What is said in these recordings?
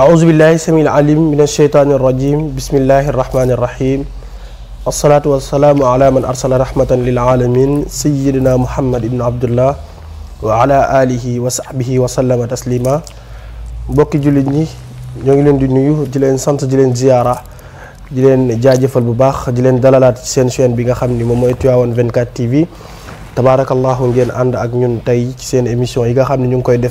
أعوذ بالله السميع العليم من الشيطان الرجيم بسم الله الرحمن الرحيم الصلاة والسلام على من أرسل رحمة للعالمين سيدنا محمد بن عبد الله وعلى آله وصحبه وسلم تسليما بوكي جولي ني نيغي لين دي نويو دي لين سانت دي لين زيارة دي لين جاجيفال بو باخ دي لين دلالات سي سين شين بيغا خامني موم موي تيوان 24 تي في تبارك الله نجين اند اك تاي سين ايميسيون ييغا خامني نيون كوي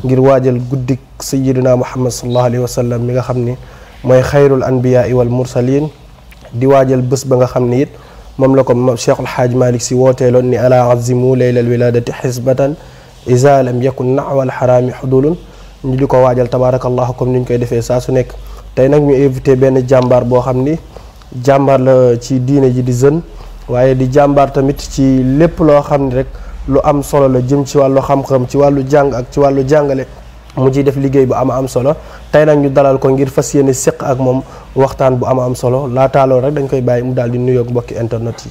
ngir waajal guddik sayyidina muhammad sallallahu alayhi wasallam mi nga xamni moy khairul anbiya wal mursalin di waajal bés ba nga xamni it mom la ko cheikhul haj malik si lon ni ala azimu leylal wiladati hisbatan iza lam yakun na'wal harami xudulun ni diko ko tabarakallah kom niñ koy defé sa su nek tay nak ñu éviter ben jambar bo xamni jambar la ci diine ji di jeune waye di jambar tamit ci lépp lo xamni rek lu am solo la jëm ci walu xam xam-xam ci walu jàng ak ci walu jàngale mu ci def liggey bu am am solo tay nak ñu dalal ko ngir fasiyene sekk ak mom waxtaan bu am am solo la talo rek dañ koy bàyyi mu dal di nuyoog mbokk internet yi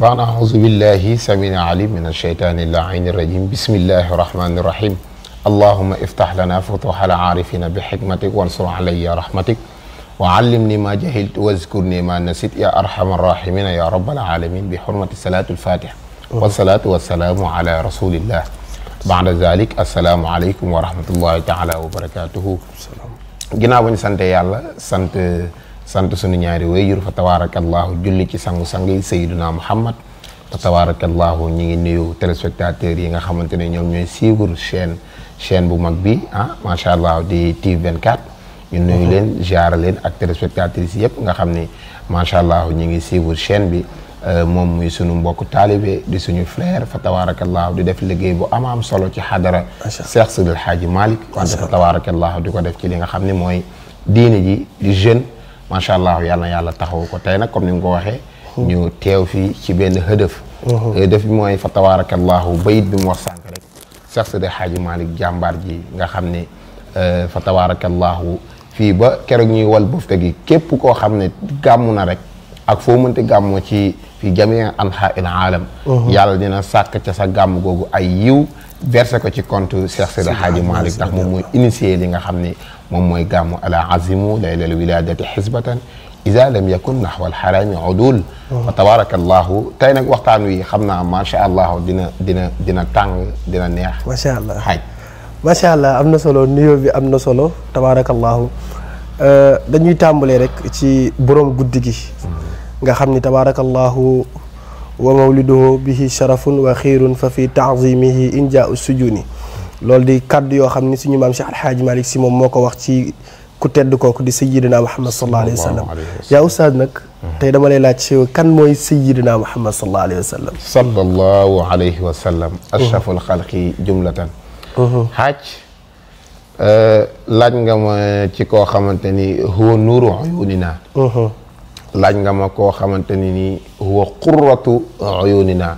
baan aouzu billahi samina alim min alcheytaani allahin irrajim bismillahi arrahmani irrahim allahuma iftah lana futuha alaarifina bi xikmatik wansur alayya rahmatik وعلمني ما جهلت واذكرني ما نسيت يا أرحم الراحمين يا رب العالمين بحرمة صلاة الفاتحة والصلاة والسلام على رسول الله بعد ذلك السلام عليكم ورحمة الله تعالى وبركاته السلام جناب سنت يالا سنت سنت سنو نياري ويجر فتوارك الله جل كي سنو سنغي سيدنا محمد فتوارك الله نيو نيو تلسفكتاتير ينغا خمانتين نيو نيو سيغر شين شين بو مكبي آه؟ ما شاء الله دي تي 24 ñu nuyu leen ziar leen ak téléspectatrices yépp nga xam ni macha allah ñu ngi suivre chaîne bi mom muy sunu mbokk talibé di suñu frère fa tawarakallah di def liggéey bu am am solo ci hadara Cheikh Sidil Hadji malik fa tawarakallah di ko def ci li nga xamni moy mooy diine ji di jeune macha allah yàlla yàlla taxaw ko tay nak comme ni nga waxé ñu tew fi ci ben hëdëf hëdëf bi moy fa tawarakallah bayit bi mu wax sank rek Cheikh Sidil Hadji malik jambar ji nga xamni fa tawarakallah fi ba kérok ñuy wal bëfte gi képp ko xamni ne na rek ak fo meunte gàmmoo ci fi jamii anha il aalam yàlla dina sàkk ca sa gàmm googu ay yiw versé ko ci compte Cheikh Seydi Hadji Malick ndax moom mooy initié li nga xam ne moom mooy gàmmu ala azimu laylal wiladati xisbatan ida lam yakun naxwa alxarami udul wa tabaraka allahu tey nag waxtaan wi xam naa macha allah dina dina dina tàng dina neex macha allah xaaj macha allah am na solo nuyoo bi am na solo tabaraka allahu dañuy tàmbalee rek ci borom guddi gi nga xamni ni wa mawliduhu bihi sharafun wa khairun fa fi taazimihi inja sujuni lol di kàddu yo xamni suñu mam Cheikh alhaji Malik simom moko wax ci ku tedd kooku di sayyidina Muhammad sallallahu alayhi wasallam sallam yaa nak tay dama lay lacc kan moy sayyidina Muhammad sallallahu alayhi wasallam sallam sallallahu alayhi wasallam sallam ashraful jumlatan haj laaj nga ma ci koo xamante laaj nga ma koo xamante ni nii huwa qurratu uyunina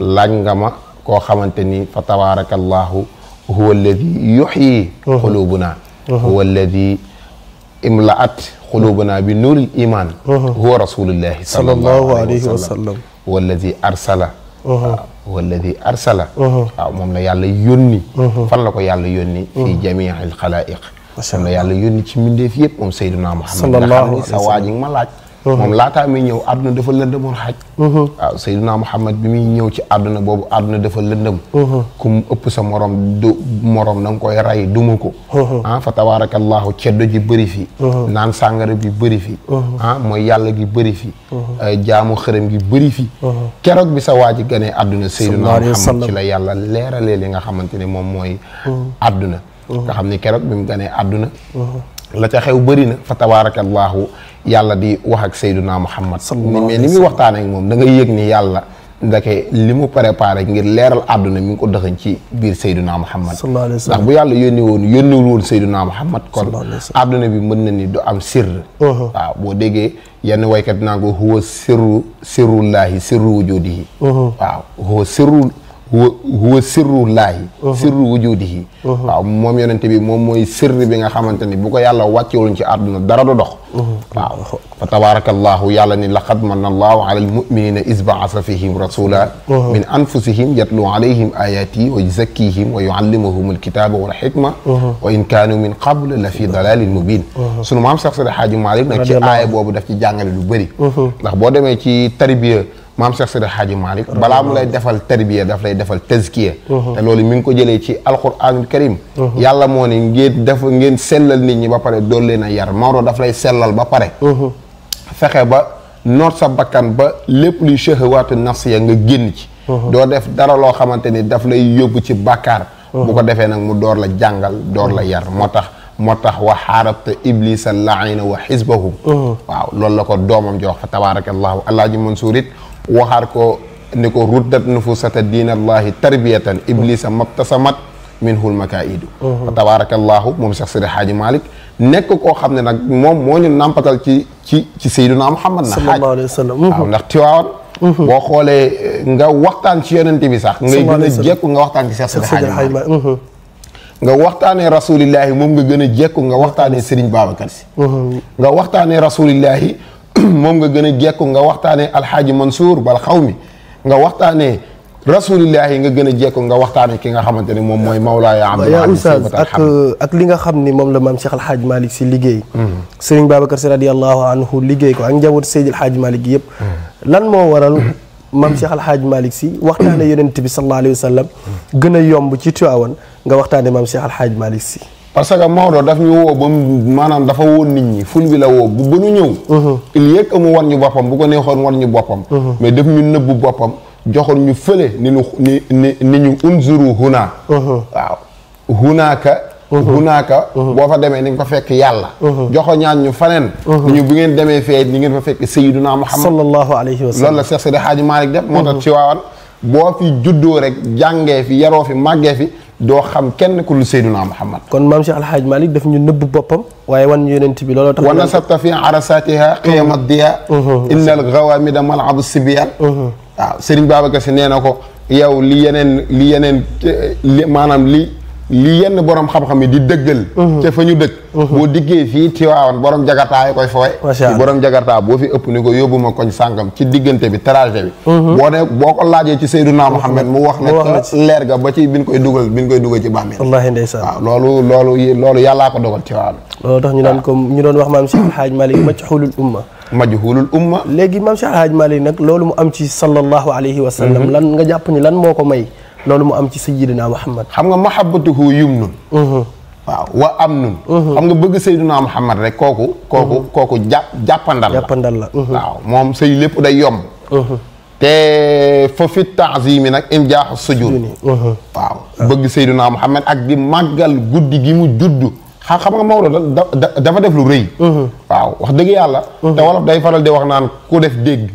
laaj nga ma koo xamante ni fa tabaraka allahu huwa alladi yuxyi xulubuna huwa alladi imlaat xulubuna bi nuuril iman huwa rasulullahi sallallahu alayhi wasallam sallam huwa alladi arsala huwa alladi arsala waaw moom la yàlla yónni fan la ko yàlla yónni fi jamii al xalaiq moom la yàlla yónni ci mbindeef yëpp moom sayduna muhammad nga xam ni sa waa ji nga ma laaj moom laataa muy ñëw àdduna dafa lëndëmoon xaj. waaw Seydina Muhammad bi muy ñëw ci àdduna boobu àdduna dafa lëndëm. ku ëpp sa morom du moroom na koy rey duma ko. ah fa tabaarakallaahu ceddo ji bëri fi. naan sàngara bi bëri fi. Ah, mooy yàlla gi bëri fi. Eh, jaamu xërëm gi bëri fi. keroog bi sa waa ji gane àdduna. Seydina Muhammad ci la yàlla leeralee li nga xamante ni moom mooy. àdduna. nga xam ni keroog bi mu ganee àdduna. la ca xew bëri na fa tabaarakallaahu yàlla di wax ak Seyduna Muhammad mais ni muy waxtaan ak moom da ngay yëg ni yàlla nda li mu préparé ngir leeral àdduna mi ngi ko dëxañ ci biir Seyduna Muhammad ndax bu yàlla yónni woon yónniwul woon Seyduna Muhammad kon àdduna bi mën na ni du am sirr uh-huh. waaw boo déggee yenn waykat naa ko huwa sirru sirrullaahi sirru wujudihi uh-huh. waaw huwa sirru هو سر الله سر وجوده مم ينتبه مم سر بينا خامنتني بقى يلا واتيولن شعبنا دردو دخ فتبارك الله يلا لقد من الله على المؤمنين إزبع عصفهم رسولا من أنفسهم يطلو عليهم آياتي ويزكيهم ويعلمهم الكتاب والحكمة وإن كانوا من قبل لفي ضلال مبين سنو مام سخصر حاجم عليك نحن آيب وابو دفتي جانل لبري نحن بودم يتي تربية maam Cheikh Seydi Hadji Malick balaa mu lay defal tarbiya daf lay defal tazkiya uh-huh. te loolu mi ngi ko jëlee ci alquranul karim uh-huh. yàlla moo ne ngeen def ngeen sellal nit ñi ba pare dool leen a yar Maodo daf lay sellal ba pare uh-huh. fexe ba noot sa bakkan ba lépp luy shahawaatu nafsiya nga génn ci doo def dara loo xamante ni daf lay yóbbu ci bàkkaar ko defee nag mu door la jàngal door la yar moo tax moo tax wa xaarabta iblisa laayna wa xisbahum waaw loolu la ko doomam jox fa tabaarakallahu alaaji Mansuur it waxaat ko ni ko ruddat nufusata diinallahi tarbiyatan iblisa mabtasamat minhul makaidu fa mhm. tabarakallahu moom Cheikh Sidi Hadji Malick nekk koo xam ne nag moom moo ñu nàmpatal ci ci ci sayyiduna Muhammad na sallallahu alayhi wa sallam mhm. waaw ndax tiwaawan mhm. boo xoolee eh, nga waxtaan ci yonent bi sax ngay a jekku nga waxtaan ci Cheikh Sidi Hadji Malick nga waxtaanee rasulillahi moom nga gën a jekku nga waxtaanee Serigne Babacar si nga waxtaanee rasulillahi moom nga gën a jekku nga waxtaanee alxaaji Mansour bal xaw mi nga waxtaanee rasulillahi yi nga gën a jekku nga waxtaanee ki nga xamante ne moom mooy Mawlaaya Abdul Ahad Oustaz ak ak li nga xam ni moom la maam Cheikh Alxaaji Malick si liggéey mm-hmm. Sëriñ Babacar si radiallahu anhu liggéey ko ak njaboot Seydi Alxaaji Malick gi mm-hmm. lan moo waral mm-hmm. maam Cheikh Alxaaji Malick si waxtaane yonent bi sallallahu alayhi wa sallam gën a yomb ci Tiwaawan nga waxtaane maam Cheikh Alxaaji Malick si parce que Maodo daf ñu woo ba maanaam dafa woon nit ñi ful bi la woo bu bënu ñëw mhm. il yëg amu war ñu boppam bu ko neexoon war ñu boppam mhm. mais daf ñu nëbb boppam joxoon ñu fële ni ñu ni ni ni ñu unzuru huna mhm. waaw hunaaka hunaaka boo fa demee ni nga fa fekk yàlla joxo ñaan ñu faneen ni ñu bu ngeen demee fee ni ngeen fa fekk sayyiduna Muhammad sallallahu alayhi wa sallam loolu la Seex Seydi Haaji Maalik def moo tax ci boo fi juddoo rek jàngee fi yaroo fi màggee fi doo xam kenn ku dul Seydina Muhammad kon maam Cheikh Alhaaj Malick daf ñu nëbb boppam waaye wan yonent bi looloo tax wa nasabta fi arasatiha qiyama diya mhm. inna al gawamida malabu sibiyan mhm. waaw Serigne Babacar Sy nee na ko yow li yeneen li yeneen eh, maanaam li li yenn borom xam-xam yi di dëggal mhm. ca fa ñu dëkk mhm. boo diggee fii tiwaawan borom jagartaa yi koy fooy ci borom jagartaa boo fi ëpp ni ko yóbbu ma koñ sànkam ci diggante bi trajet bi mhm. boo ne boo ko laajee ci Seydunaa Muhammad mu wax ne leer ga ba ci bin koy dugal bin koy dugal ci bàmmeel wallaahi ndeysaan waaw loolu loolu loolu yàllaa ko dogal tiwaawan loolu tax ñu daan ko ñu doon wax maam Cheikh Hadj Malick majhulul umma majhulul umma léegi maam Cheikh Hadj Malick nag loolu mu am ci sallallahu alayhi wa sallam lan nga jàpp ni lan moo ko may loolu mu am ci sayyidina Muhammad xam nga mahabbatuhu yumnun mhm. waaw wa am nun mhm. xam nga bëgg Seydina Muhammad rek kooku kooku mhm. kooku jàpp jàppandal la jàppandal waaw moom sëy lépp day yomb te fa fi taazimi nag im jaax sujud waaw bëgg Seydina Muhammad ak di màggal guddi gi mu judd xam xam nga Maodo da dafa def lu rëy waaw wax dëgg yàlla te wolof day faral di wax naan ku def dégg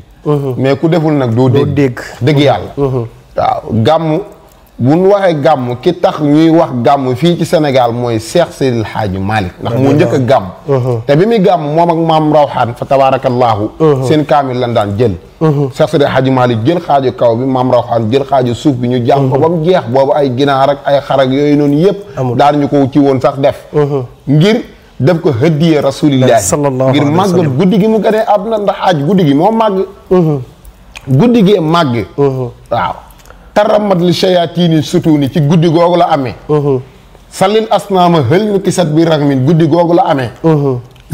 mais ku deful nag doo dégg dëgg yàlla waaw bu nu waxee gàmm ki tax ñuy wax gàmm fii ci senegal mooy Cheikh Seydil Hadji Malick ndax moo njëkk a gàmm uh-huh. te bi muy gàmm moom ak maam rawxaan fa tabaarakallaahu uh-huh. seen kaamil la daan jël uh-huh. Cheikh Seydil Hadji Malick jël xaajo kaw bi maam rawxaan jël xaaju suuf bi ñu jàng ko jeex boobu ay ginaar ak ay xarak yooyu noonu yépp daan ñu ko ci woon sax def ngir def ko hëddiyee rasulillahi ngir màggal guddi gi mu ab àdduna ndax aaj guddi gi moo màgg guddi gee màgg taramat li shayaatiini surtout ni ci guddi googu la amee salil asnaama hël nu kisat bi ragmin guddi googu la amee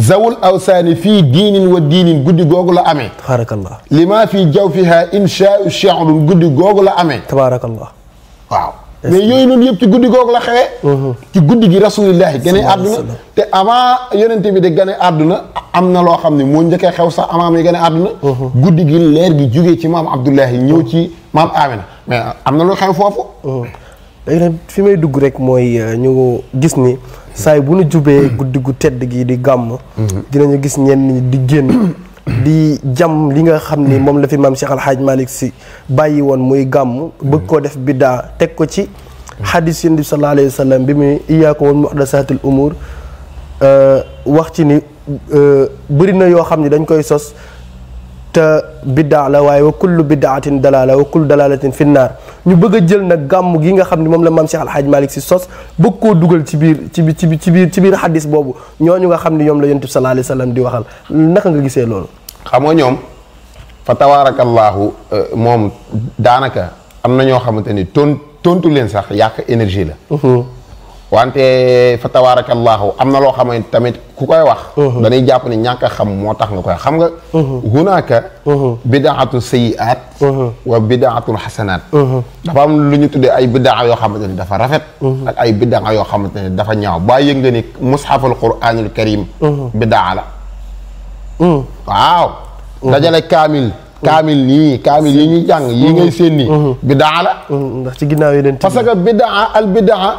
zawul awsaani fii diinin wa diinin guddi googu la amee tabaarakallah li maa fii jawfiha inshaau shaarun guddi googu la amee tabaarakallah waaw mais yooyu noonu yëpp ci guddi googu la xewee. Mhm. ci guddi gi rasulillahi gane àdduna te avant yonente bi de gane àdduna am na loo xam ne moo njëkkee xew sax amaam yi gane àdduna mhm. guddi gi leer gi jógee ci maam Abdullahi ñëw ci maam Amina mais am na lu xew foofu mhm. fi may dugg rek mooy euh, ñu gis ni saay bu nu jubee guddi gu tedd gi di gàmm dinañu gis ñenn ñi di génn di jam li nga xam ni moom la fi maam Cheikh Al Hadj si bàyyi woon muy gàmm bëgg koo def biddaa teg ko ci xadis yéen bi sallallahu alayhi wa sallam bi muy iyyaakum euh, wax ci ni euh, bëri na yoo xam ne dañ koy sos te biddaa la waaye wa kullu biddaatin dalaala wa kullu dalaalatin finnaar ñu bëgg jël na gàmm gi nga xam ni moom la maam Cheikh Al Hadj si sos bëgg koo dugal ci biir ci biir ci biir ci biir xadis boobu ñooñu nga xam ne yoom la yonent bi sallallahu alayhi wa sallam di waxal naka nga gisee loolu. xam nga ñoom fa tabaarakallaahu euh, moom daanaka am na ñoo xamante ni ton tontu leen sax yàq énergie la. Mhm. wante fa tabaarakallaahu am na loo xam ne tamit ku koy wax. Mhm. dañuy jàpp ni ñàkk a xam moo tax nga koy xam nga. Mhm. hunaaka. bidaatu sayiaat. wa bidaatul xasanaat. dafa am lu ñu tuddee ay bidaa yoo xamante ni dafa rafet. ak ay bidaa yoo xamante ni dafa ñaaw baa yëg nga ni mushaful bidaa la. waaw. Mhm. dajale kaamil. Mhm. kaamil nii kaamil yi ñuy jàng yi ngay mhm. seen nii bidaa la ndax ci ginnaaw yi parce que bidaa al bidaa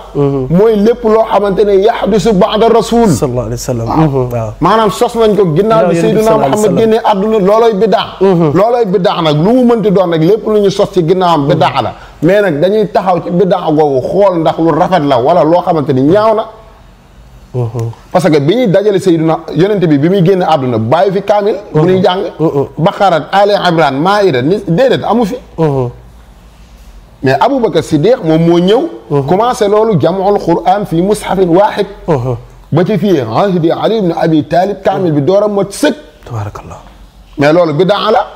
mooy lépp loo xamante ne yaxdisu baada rasul sallallahu alayhi wa sallam waaw maanaam sos nañ ko ginnaaw bi sayduna muhammad génnee àdduna loolooy bidaa loolooy bidaa nag lu mu mënti doon rek lépp lu ñu sos ci ginnaawam bidaa la mais nag dañuy taxaw ci bidaa googu xool ndax lu rafet la wala loo xamante ni ñaaw na parce que bi ñuy dajale Seydina yonente bi bi muy génn àdduna bàyyi fi kaamil bu ñuy jàng baqarat ali imran maida ni déedéet amu fi mais aboubacar siddiq moom mo ñëw commencé lolu jamul quran fi mushaf wahid ba ci fi ahdi ali ibn abi talib kaamil bi door mo seuk sëg tabarakallah mais lolu bi daala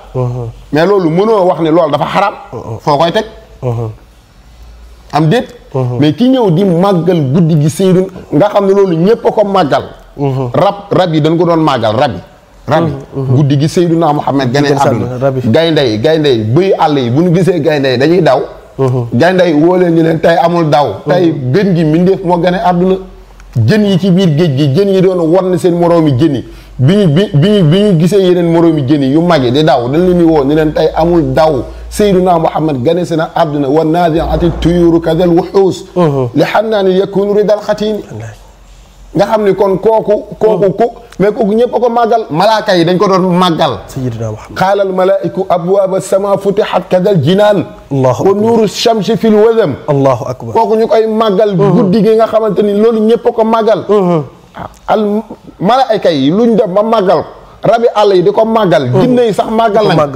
mais lolu mëno wax ni lolu dafa haram foo koy teg am déet Mhm. mais ki ñëw di màggal guddi gi Seydoune nga xam ne loolu ñépp a ko màggal mhm. rab rab yi dañ ko doon màggal rab yi rab yi mhm. guddi gi Seydouna Muhammad gane àdduna gaynde yi gaynde yi bëy àll yi bu ñu gisee gaynde yi dañuy daw gaynde yi woo leen ñu leen tey amul daw tey gën gi mbindeef moo gane àdduna jën yi ci biir géej gi jën yi doon war na seen moroomi jën yi bi ñu bi bi ñu bi ñu gisee yeneen moroomi jën yi yu mag yi di daw dañ leen woo ñu leen tey amul daw sayyiduna Muhammad gane si na àdduna wa naadiati tuyuru kadal wuxuus uh-huh. li xam naa ni yakunu ridal xatiin nga xam ni kon kooku kooku ku mais kooku ñëpp a ko màggal malaaka yi dañ ko doon màggal sayyiduna Muhammad xaalal malaa'iku abwaaba sama futixat kadal jinaan wa nuuru shamsi fil wadam allahu akbar kooku ñu koy màggal uh-huh. guddi gi nga xamante ni loolu ñëpp a ko màggal uh-huh. ah, al malaaka yi luñ def ba màggal rabi àll yi di ko màggal jinne yi sax màggal nañ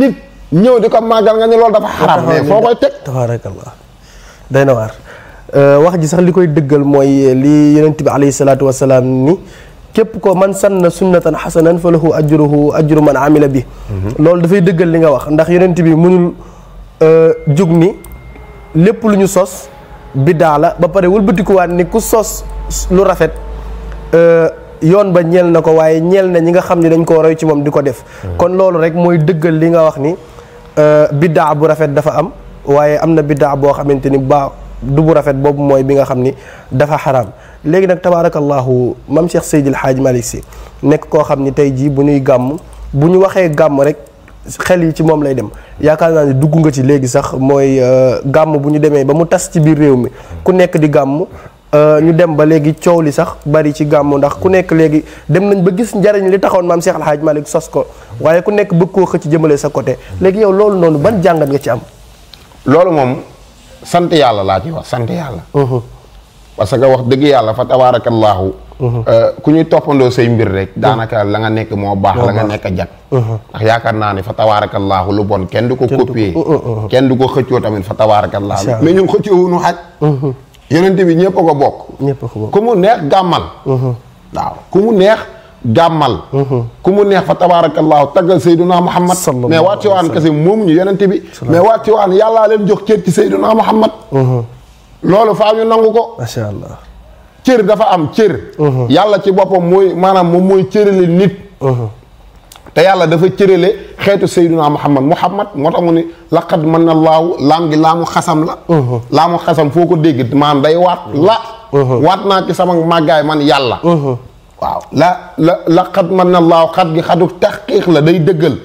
nit ñew diko magal nga ni loolu dafa haram mais foo koy teg tabarakallah day na waar euh, wax ji sax likoy koy moy euh, li yonent bi alayhi salaatu ni kep ko man sanna sunnatan hasanan falahu ajruhu ajru man amila bi mhm. da fay dëggal li nga wax ndax yonent bi mënul euh, jug ni lépp lu sos bi daala ba pare wat ni ku sos lu rafet yon ba ñel nako waye ñel na ñi nga xamni dañ ko roy ci mom diko def mhm. kon loolu rek moy deugal li nga wax ni Euh, biddaa bu rafet dafa am waaye am na biddaa boo xamante ni ba du bu rafet boobu mooy bi nga xam ni dafa xaram léegi nag tabaarakallahu maam Cheikh Seydil Hadj Malick Sy nekk koo xam ni tey jii bu ñuy gàmm bu ñu waxee gàmm rek xel yi ci moom lay dem yaakaar naa ni dugg nga ci léegi sax mooy euh, gàmm bu ñu demee ba mu tas ci biir réew mi ku nekk di gàmm Euh, ñu dem ba léegi coow li sax bari ci gàmmu ndax ku nekk léegi dem nañ ba gis njariñ li taxoon maam Cheikh Al Hadj Malick sos ko waaye ku nekk bëgg koo xëcc jëmale sa côté léegi yow loolu noonu ban jàngat nga ci am. loolu moom sant yàlla laa ci wax sant yàlla. Mhm. parce que wax dëgg yàlla fa tabaarakallaahu mhm. euh, ku ñuy toppandoo say mbir rek. Mhm. daanaka la nga nekk moo baax. la nga nekk jag. ndax yaakaar naa ne fa tabaarakallaahu lu bon kenn du ko copier. kenn du ko xëccoo tamit yonent bi ñëpp ko bokk. ñëpp a ko bokk ku mu neex gàmmal. Mm-hmm. waaw ku mu neex gàmmal. Mm-hmm. ku mu neex fa tabaarakallaahu taggal Seydina Muhammad. mais waa Tiwaawan kese moom ñu yonent bi. mais waa Tiwaawan yàllaa leen jox cër ci Seydina Muhammad. Mm-hmm. loolu faa ñu nangu ko. macha allah cër dafa am cër. yàlla ci boppam mooy maanaam moom mooy cërali nit. te yàlla dafa cërélé xeetu sayyiduna muhammad muhammad moo tax mu laqad mën na laaw laam gi laamu xasam la lamu khasam foko ko dégg maam day wat la waat naa ci sama magay man yàlla waaw la laqad mën na laaw gi khaduk tahqiq la day deugal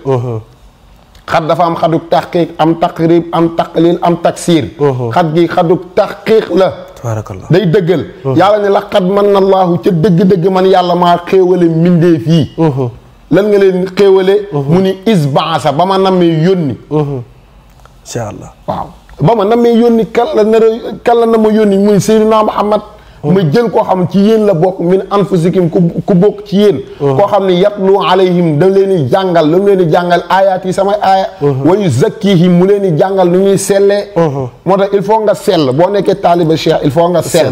xat dafa am xadug taxqiq am taqrib am taqlil am taksiir xat gi xadug taxqiq la تبارك الله dëggal yàlla ne la xat man na laahu ca dëgg-dëgg man yàlla maa xéewale mbindeef yi lan nga leen xéewale mhm. mu ni isbaasa ba ma nammi yónni mhm. incha allah ba ma nammi yónni kan la nar a kan la na ma yónni mu ni Seydina Muhammad mu jël ko xam ci yéen la bok min anfusikum ku bok ci yéen ko xamni yatlu alayhim da leni jàngal lu leni jàngal ayati sama aya wayu zakihim mu leni jàngal nu ñuy selle mota il faut nga sel bo nekké talib cheikh il faut nga sel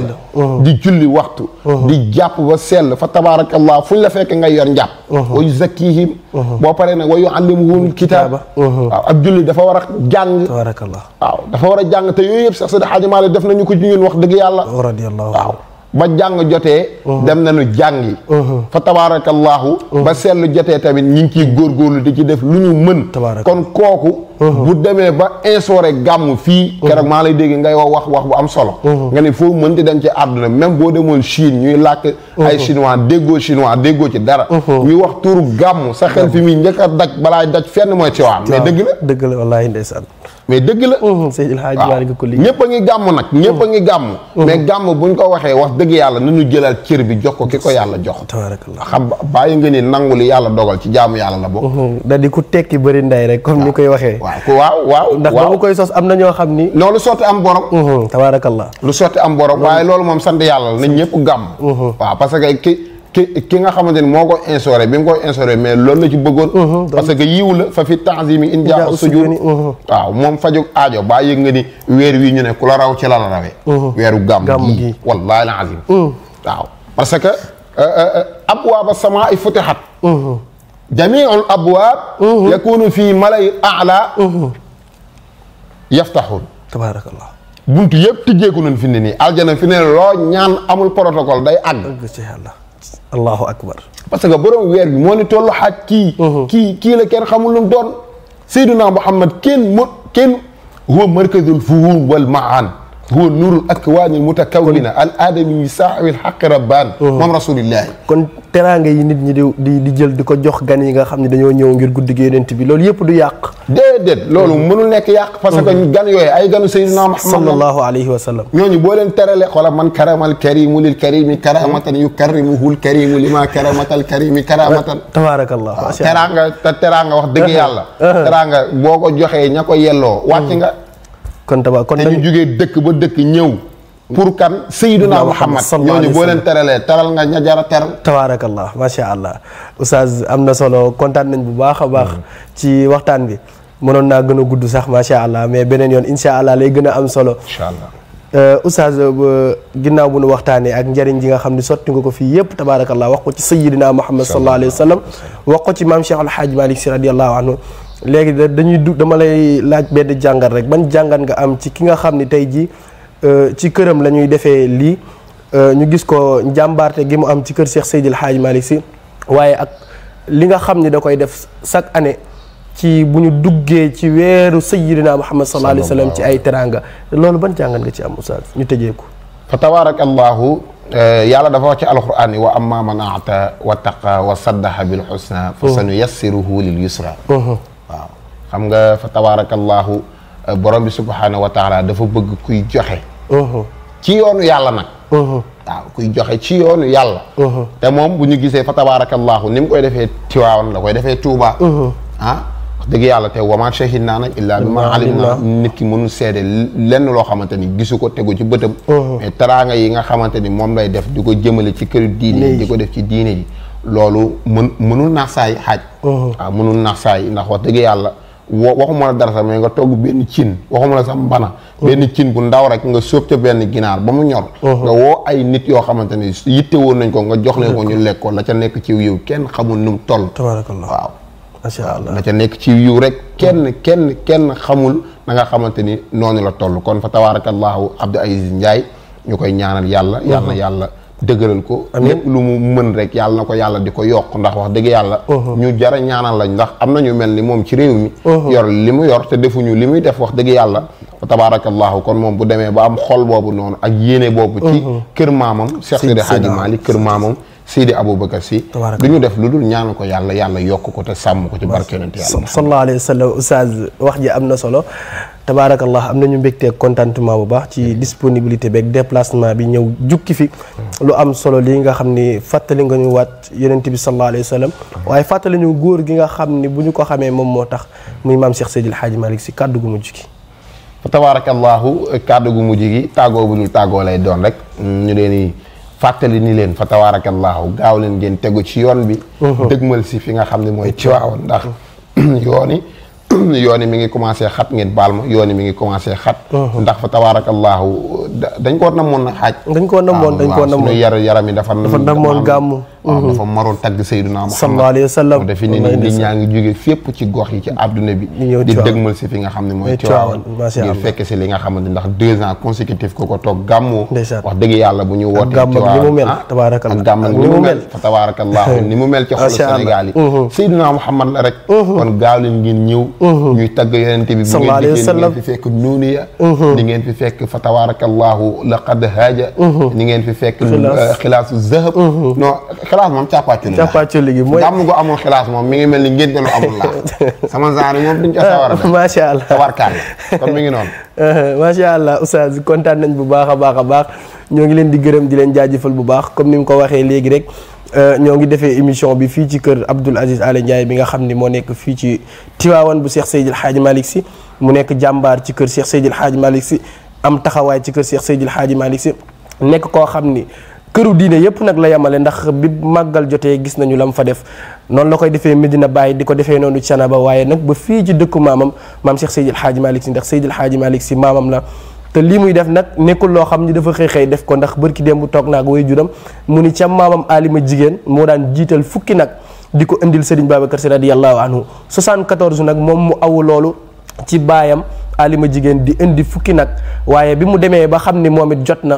di julli waxtu di jàpp ba sel fa tabarakallah fu la fekk nga yor japp wayu zakihim bo paré nag wayu yuallimuhumul kitab waaw ab julli dafa wara jàng tabarakallah waaw dafa wara jàng te yooyu yëpp sax sa xaaji Maalik def nañu ko ñu ñun wax deug yàlla radiyallahu anhu ba jàng jotee uh-huh. dem nañu jàngi uh-huh. fa tabaarakallaahu uh-huh. ba seetlu jotee tamit ñi ngi ciy góorgóorlu di ci def lu ñu mën kon kooku bu demee ba instauré gàmm fii keroog maa lay dégg ngay wax wax bu am solo nga ne foo mënti dem ci àdduna même boo demoon Chine ñuy làkk ay chinois déggoo chinois déggoo ci dara ñuy wax turu gàmm sa xel fi muy njëkk a daj balaa daj fenn mooy Tiwaawan mais dëgg la dëgg la wallaahi ndeysaan mais dëgg la. Mhm. Seydil Hadji Malick ko a ngi gàmm nag. ñëpp a ngi gàmm. Mhm. mais gàmm buñ ko waxee wax dëgg yàlla na ñu jëlal cër bi jox ko ki ko yàlla jox. tabarakallah xam bàyyi nga ni nangu li yàlla dogal ci jaamu yàlla la bokk. Mhm. da di ku tekki bëri nday rek comme ni koy waxee. waaw waaw waaw. ndax ba mu koy sos am na ñoo xam ni. non sotti am borom. tabarakallah lu sotti am borom. waaye loolu moom sant yàlla la nañ ñëpp gàmm. waaw parce ki ki ki nga xamante ni moo ko instauré bi mu koy instauré mais loolu la ci bëggoon mhm, parce que yiw la fa fi tanzimi in jaa sujud mhm. waaw moom fajog aajo baa yëg nga ni weer wii ñu ne ku la raw ci la la mhm. weeru gàmm gi wallahi la azim waaw parce que euh, euh, euh, abwaab a samaa futixat jamiul abwaab yakunu fii malay ala yaftaxuun tabaarakallah buntu yëpp tijjeeku nañ fi ne nii aljana fi ne loo ñaan amul protocole day àgg الله أكبر. بس كبروا وير موني تولو حد كي كي كي لكير خمولم دون سيدنا محمد كين كين هو مركز الفهوم والمعان. huwa nurul akwaanil mutakawwina al aadami yi saawi xaqi rabbaan moom rasulillahi kon teraanga yi nit ñi di jël di ko jox gan yi nga xam ne dañoo ñëw ngir guddi gi yonent bi loolu yëpp du yàq déedéet loolu mm. mënul nekk yàq parce que mm. gan yooyu ay ganu sayyidina Muhammad sallallahu alayhi wa sallam ñooñu boo leen terale xoola man karamal karimu lil karimi mm. karamatan yukarrimuhu l karimu lima karamatal karimi karamatan tabaarakallah ah, teraanga te teraanga wax dëgg yàlla uh-huh. teraanga boo ko joxee ña ko yelloo wàcc nga kon tabaar kon dañu jugee dëkk ba dëkk ñëw. pour kan Seydina Muhammad ñooñu boo leen teralee teral nga ña jara teral tabaarakallah macha allah oustaz am na solo kontaan nañ bu baax a baax mm-hmm. ci waxtaan bi mënoon naa gën a gudd sax macha allah mais beneen yoon incha allah lay gën a am solo incha allah euh, oustaz euh, ginnaaw bu nu waxtaanee ak njariñ ji nga xam ne sotti nga ko fii yëpp tabaarakallah wax ko ci Seydina Muhammad sallallahu alayhi wa sallam wax ko ci maam Cheikh Al Hadj Malick si radiyallahu anhu léegi dañuy du dama lay laaj benn jàngat rek ban jàngat nga am ci ki nga xam ni tey ji euh, ci këram la ñuy defee lii euh, ñu gis ko njàmbaarte gi mu am ci kër Cheikh Seydil xaaj Malick si waaye ak li nga xam ni da koy def chaque année ci bu ñu duggee ci weeru sayyidina Muhammad sallallahu alayhi wasallam ci ay teranga loolu ban jàngat nga ci am oustaz ñu tëjee ko fa tabaaraka allahu euh, yàlla dafa wax ci alquran yi wa amma man aata wa taqa wa sa bil husna fa sanuyassiruhu lil yusra waaw xam nga fa tabaarakallaahu eh, borom bi subhaanahu wa taala dafa bëgg kuy joxe uh-huh. ci yoonu yàlla nag uh-huh. waaw kuy joxe ci yoonu yàlla uh-huh. te moom bu ñu gisee fa tabaarakallaahu ni mu koy defee Tiwaawan la koy defee Tuubaa ah dëgg yàlla te wamaa shahidnaa nag illaa bi ma alim naa nit ki mënul seede lenn loo xamante ni gisu ko tegu ci bëtam mais teraanga yi nga xamante ni moom lay def di ko jëmale ci kër diine di ko def ci diine ji loolu mën mënul naax saay xaaj. Uh-huh. waaw mënul naax saay ndax wax dëgg yàlla wo waxuma la dara sax mais nga togg benn cin waxuma la sax mbana. Uh-huh. benn cin bu ndaw rek nga sóob ca benn ginaar ba mu ñor. Uh-huh. nga woo ay nit yoo xamante ni yitte woon nañ ko nga jox leen ko ñu lekkoon ko la ca nekk ci yow kenn xamul nu mu toll. tabaarakallah waaw. allah la ca nekk ci yiw rek kenn kenn kenn xamul na nga xamante ni noonu la toll kon fa tabaarakallaahu Abdou Aziz Ndiaye ñu koy ñaanal yàlla. yàlla yàlla. dëgëral ko lépp lu mu mën rek yàlla na ko yàlla di ko yokk ndax wax dëgg yàlla uh-huh. ñu jara ñaanal lañ ndax am na ñu mel ni moom ci réew mi uh-huh. yor li mu yor te defuñu li muy def wax dëgg yàlla tabaarakallaahu kon moom bu demee ba am xol boobu noonu ak yéene boobu ci uh-huh. kër maamam Cheikh Sidi Hadji Malick kër maamam Seydi Aboubacar Sy du ñu def lu dul ñaan ko yàlla yàlla yokk ko te sàmm ko ci barke yonent yàlla sallallahu alayhi wa wax ji am na solo allah amna ñu mbekté contentement bu baax ci disponibilité bek déplacement bi ñew jukki fi lu am solo li nga xamni ni nga ñu wat yonent bi sallallahu alayhi wa sallam fatali ñu goor gi nga xamni ni ko xamé mom motax muy mam Cheikh Seydil Hadji malik si kaddu gu mujjigi tabarak allah kaddu gu mujjigi tago bu lay doon rek ñu leni fatali ni len fa allah gaaw len ngeen tegu ci yoon bi mhm. deggmal si fi nga xamni moy ci waaw ndax yooni yoon yi mi ngi commencé xat ngeen baal ma yoon yi mi ngi commencé xat uh-huh. ndax fa tabaarakallaahu dañ koo namoon na xaaj dañ koo namoon dañ koo namoon yar yaram yi dafa dafa moon gàmmu waaw mhm. dafa maroon tagg Seydina Muhammad sallallahu alayhi wa sallam defi ni nit ñaa ngi jóge fépp ci gox yi ci adduna bi di dëgmal si fi nga xam ne mooy Tiwaawan ngir fekke si li nga xamante ndax deux ans ni mu mel fa tabaarakallaahu ni mu mel ci xolu Sénégal yi mhm. Seydina Muhammad rek mhm. kon gaaw leen ñëw ñuy tagg yonente bi bu ngeen di ngeen fi fekk nuuniya di ngeen fi fekk ni ngeen fi fekk xilaasu zahab xilaas moom càppaacu la càppaacu la gi mooy gàmm gu amul xilaas moom mi ngi mel ni ngénte lu amul laax sama genre moom duñ ca sawar a ah, macha allah tabarkaal kon mi ngi noonu ah, macha allah oustaz kontaan nañ bu baax a baax a baax ñoo ngi leen di gërëm di leen jaajëfal bu baax comme ni mu ko waxee léegi rek euh, ñoo ngi defee émission bi fii ci kër Abdoul Aziz Aly Ndiaye bi nga xam ni moo nekk fii ci Tiwaawan bu Cheikh Seydil Hadji malik si mu nekk jàmbaar ci kër Cheikh Seydil Hadji Malick si am taxawaay ci kër Cheikh Seydil Hadji Malick Sy nekk koo xam ni këru diine yëpp nag la yemale ndax bi màggal jotee gis nañu mu fa def noonu la koy defee Medina bàyyi di ko defee noonu Canaba waaye nag ba fii ci dëkku maamam maam Cheikh Seydil Hadji Malick si ndax Seydil Hadji Malick si maamam la te lii muy def nag nekkul loo xam ni dafa xëy xëy def ko ndax bërki dem bu toog naag way juram mu ni ca maamam alima jigéen moo daan jiital fukki nag di ko indil Serigne Babacar Sy radiyallahu anhu 74 nag moom mu awu loolu ci baayam alima jigéen di indi fukki nag waaye bi mu demee ba xam ni moom it jot na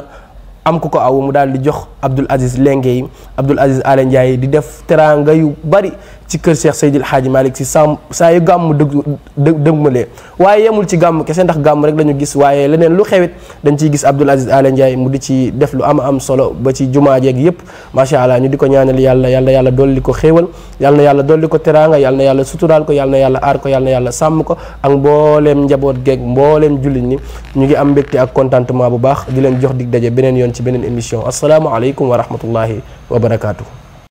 am ku ko aw mu daal di jox abdul Aziz Lengue yi Abdoul Aziz Alé Ndiaye di def teraanga yu bari ci keur Cheikh Seydil Hadji malik si sam sa yu gam dëg dëgmalee waaye yemul ci gam kesse ndax gam rek lañu gis waye leneen lu xewit dañ ci gis abdul Aziz ala ndjay mu di ci def lu am am solo ba ci aja yep ma sha allah ñu diko ñaanal yalla yalla yalla dolli ko xewal yalla yalla doli dolli ko teranga yalla yalla sutural ko yalla yalla yala ko yalla yalla sam ko ak mbollem njabot geek mbollem julit ni ñu ngi am mbégte ak contentement bu baax di leen jox dig daje benen yoon ci benen émission alaykum wa rahmatullahi wa barakatuh